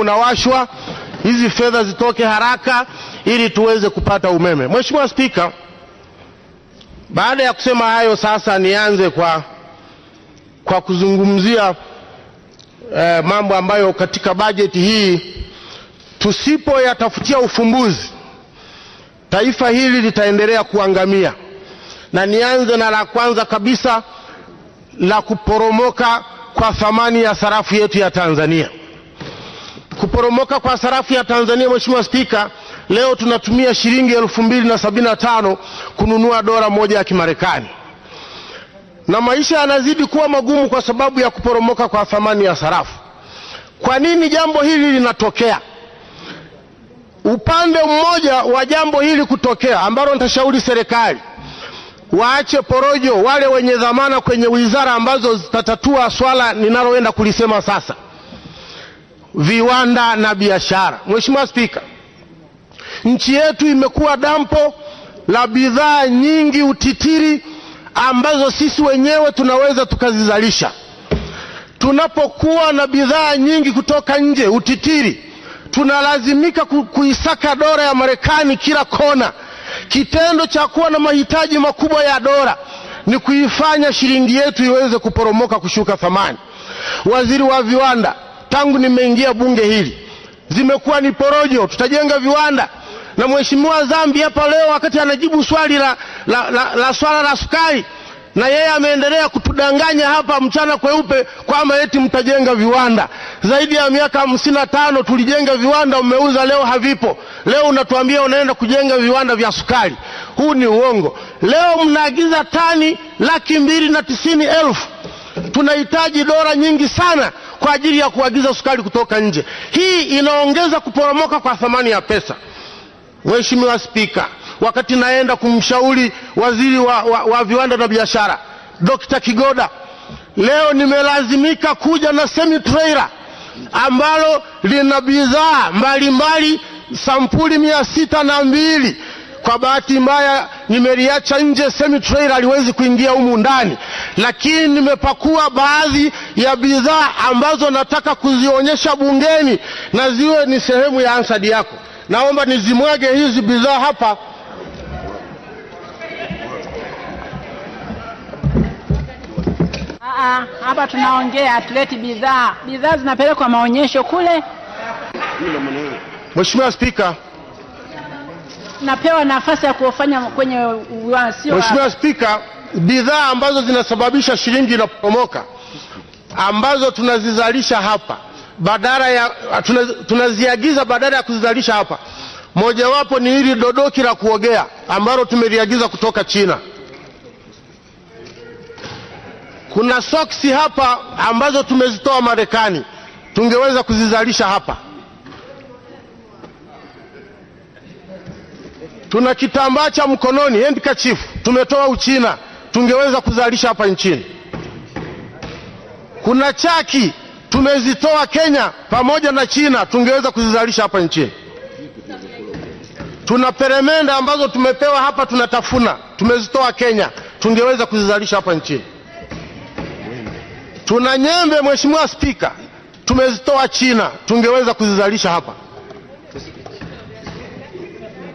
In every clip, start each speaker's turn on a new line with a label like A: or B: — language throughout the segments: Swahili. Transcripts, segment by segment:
A: unawashwa, hizi fedha zitoke haraka ili tuweze kupata umeme. Mheshimiwa Spika, baada ya kusema hayo, sasa nianze kwa, kwa kuzungumzia eh, mambo ambayo katika bajeti hii tusipoyatafutia ufumbuzi taifa hili litaendelea kuangamia, na nianze na la kwanza kabisa la kuporomoka kwa thamani ya sarafu yetu ya Tanzania. Kuporomoka kwa sarafu ya Tanzania, Mheshimiwa Spika, leo tunatumia shilingi elfu mbili na sabini na tano kununua dola moja ya Kimarekani, na maisha yanazidi kuwa magumu kwa sababu ya kuporomoka kwa thamani ya sarafu. Kwa nini jambo hili linatokea? Upande mmoja wa jambo hili kutokea, ambalo nitashauri serikali waache porojo wale wenye dhamana kwenye wizara ambazo zitatatua swala ninaloenda kulisema sasa viwanda na biashara. Mheshimiwa Spika, nchi yetu imekuwa dampo la bidhaa nyingi utitiri ambazo sisi wenyewe tunaweza tukazizalisha. Tunapokuwa na bidhaa nyingi kutoka nje utitiri, tunalazimika kuisaka dola ya Marekani kila kona. Kitendo cha kuwa na mahitaji makubwa ya dola ni kuifanya shilingi yetu iweze kuporomoka, kushuka thamani. Waziri wa viwanda tangu nimeingia bunge hili zimekuwa ni porojo, tutajenga viwanda. Na mheshimiwa zambi hapa leo wakati anajibu swali la, la, la, la swala la sukari, na yeye ameendelea kutudanganya hapa mchana kweupe kwamba eti mtajenga viwanda. Zaidi ya miaka hamsini na tano tulijenga viwanda, umeuza leo havipo. Leo unatuambia unaenda kujenga viwanda vya sukari, huu ni uongo. Leo mnaagiza tani laki mbili na tisini elfu tunahitaji dola nyingi sana kwa ajili ya kuagiza sukari kutoka nje. Hii inaongeza kuporomoka kwa thamani ya pesa. Mheshimiwa Spika, wakati naenda kumshauri waziri wa, wa, wa viwanda na biashara Dr. Kigoda, leo nimelazimika kuja na semi trailer ambalo lina bidhaa mbalimbali sampuli mia sita na mbili kwa bahati mbaya nimeliacha nje, semi trailer aliwezi kuingia humu ndani, lakini nimepakua baadhi ya bidhaa ambazo nataka kuzionyesha bungeni na ziwe ni sehemu ya ansadi yako. Naomba nizimwage hizi bidhaa hapa.
B: Aa, ah, ah, hapa tunaongea tuleti bidhaa, bidhaa zinapelekwa maonyesho kule.
A: Mheshimiwa Spika,
B: napewa nafasi ya kufanya kwenye uwasi.
A: Mheshimiwa Spika, bidhaa ambazo zinasababisha shilingi inaporomoka ambazo tunazizalisha hapa badala ya tunaziagiza badala ya kuzizalisha hapa, mojawapo ni hili dodoki la kuogea ambalo tumeliagiza kutoka China. Kuna soksi hapa ambazo tumezitoa Marekani, tungeweza kuzizalisha hapa. Tuna kitambaa cha mkononi handkerchief, tumetoa Uchina, tungeweza kuzalisha hapa nchini. Kuna chaki tumezitoa Kenya pamoja na China, tungeweza kuzizalisha hapa nchini. Tuna peremende ambazo tumepewa hapa, tunatafuna, tumezitoa Kenya, tungeweza kuzizalisha hapa nchini. Tuna nyembe, Mheshimiwa Spika, tumezitoa China, tungeweza kuzizalisha hapa.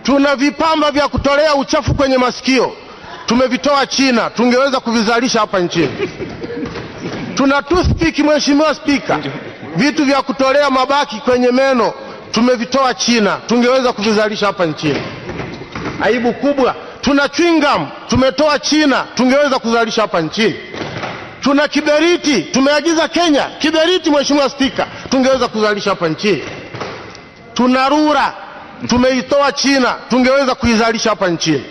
A: Tuna vipamba vya kutolea uchafu kwenye masikio, tumevitoa China, tungeweza kuvizalisha hapa nchini. Tuna toothpick, Mheshimiwa Spika, vitu vya kutolea mabaki kwenye meno tumevitoa China, tungeweza kuvizalisha hapa nchini. Aibu kubwa. Tuna chewing gum tumetoa China, tungeweza kuzalisha hapa nchini. Tuna kiberiti tumeagiza Kenya, kiberiti Mheshimiwa Spika, tungeweza kuzalisha hapa nchini. Tuna rura Tumeitoa China, tungeweza kuizalisha hapa nchini.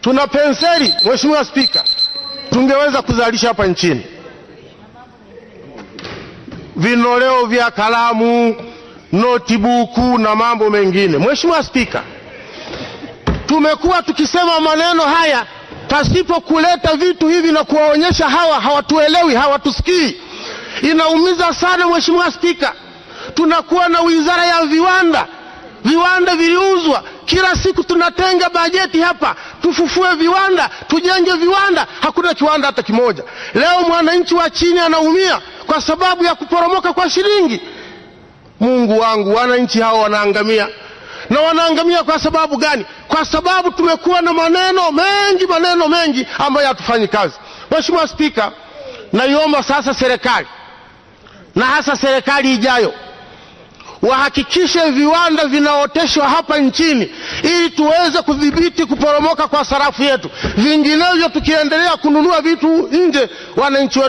A: Tuna penseli, Mheshimiwa Spika, tungeweza kuzalisha hapa nchini, vinoleo vya kalamu, notibuku na mambo mengine. Mheshimiwa Spika, tumekuwa tukisema maneno haya pasipo kuleta vitu hivi na kuwaonyesha hawa hawatuelewi, hawatusikii. Inaumiza sana Mheshimiwa Spika, tunakuwa na wizara ya viwanda viwanda viliuzwa. Kila siku tunatenga bajeti hapa, tufufue viwanda, tujenge viwanda, hakuna kiwanda hata kimoja. Leo mwananchi wa chini anaumia kwa sababu ya kuporomoka kwa shilingi. Mungu wangu, wananchi hao wanaangamia na wanaangamia kwa sababu gani? Kwa sababu tumekuwa na maneno mengi, maneno mengi ambayo hatufanyi kazi. Mheshimiwa Spika, naiomba sasa serikali na hasa serikali ijayo wahakikishe viwanda vinaoteshwa hapa nchini ili tuweze kudhibiti kuporomoka kwa sarafu yetu. Vinginevyo tukiendelea kununua vitu nje, wananchi